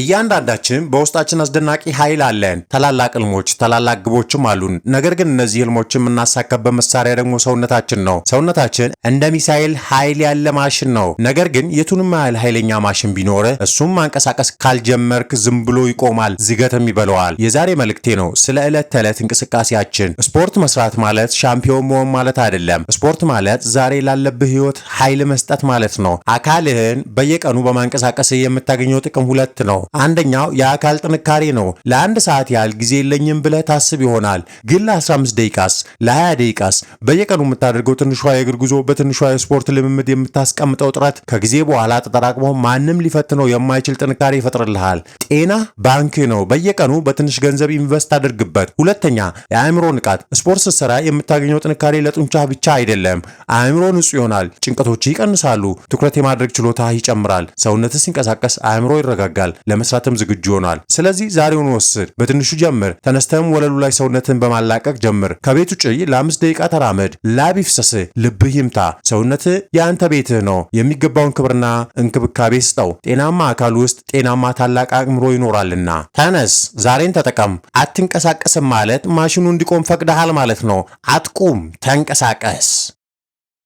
እያንዳንዳችን በውስጣችን አስደናቂ ኃይል አለን። ታላላቅ ህልሞች፣ ታላላቅ ግቦችም አሉን። ነገር ግን እነዚህ ህልሞች የምናሳካበት መሳሪያ ደግሞ ሰውነታችን ነው። ሰውነታችን እንደ ሚሳኤል ኃይል ያለ ማሽን ነው። ነገር ግን የቱንም ያህል ኃይለኛ ማሽን ቢኖር እሱም ማንቀሳቀስ ካልጀመርክ ዝም ብሎ ይቆማል፣ ዝገትም ይበለዋል። የዛሬ መልእክቴ ነው ስለ ዕለት ተዕለት እንቅስቃሴያችን። ስፖርት መስራት ማለት ሻምፒዮን መሆን ማለት አይደለም። ስፖርት ማለት ዛሬ ላለብህ ህይወት ኃይል መስጠት ማለት ነው። አካልህን በየቀኑ በማንቀሳቀስ የምታገኘው ጥቅም ሁለት ነው። አንደኛው የአካል ጥንካሬ ነው። ለአንድ ሰዓት ያህል ጊዜ የለኝም ብለህ ታስብ ይሆናል። ግን ለ15 ደቂቃስ፣ ለ20 ደቂቃስ በየቀኑ የምታደርገው ትንሿ የእግር ጉዞ፣ በትንሿ የስፖርት ልምምድ የምታስቀምጠው ጥረት ከጊዜ በኋላ ተጠራቅሞ ማንም ሊፈትነው የማይችል ጥንካሬ ይፈጥርልሃል። ጤና ባንክ ነው። በየቀኑ በትንሽ ገንዘብ ኢንቨስት አድርግበት። ሁለተኛ የአእምሮ ንቃት። ስፖርት ስትሰራ የምታገኘው ጥንካሬ ለጡንቻ ብቻ አይደለም። አእምሮ ንጹህ ይሆናል፣ ጭንቀቶች ይቀንሳሉ፣ ትኩረት የማድረግ ችሎታ ይጨምራል። ሰውነት ሲንቀሳቀስ አእምሮ ይረጋጋል። ለመስራትም ዝግጁ ሆኗል። ስለዚህ ዛሬውን ወስድ፣ በትንሹ ጀምር። ተነስተህም ወለሉ ላይ ሰውነትን በማላቀቅ ጀምር። ከቤት ውጭ ለአምስት ደቂቃ ተራመድ። ላብ ይፍሰስህ፣ ልብህ ይምታ። ሰውነትህ የአንተ ቤትህ ነው። የሚገባውን ክብርና እንክብካቤ ስጠው። ጤናማ አካል ውስጥ ጤናማ ታላቅ አእምሮ ይኖራልና። ተነስ፣ ዛሬን ተጠቀም። አትንቀሳቀስም ማለት ማሽኑ እንዲቆም ፈቅደሃል ማለት ነው። አትቁም፣ ተንቀሳቀስ።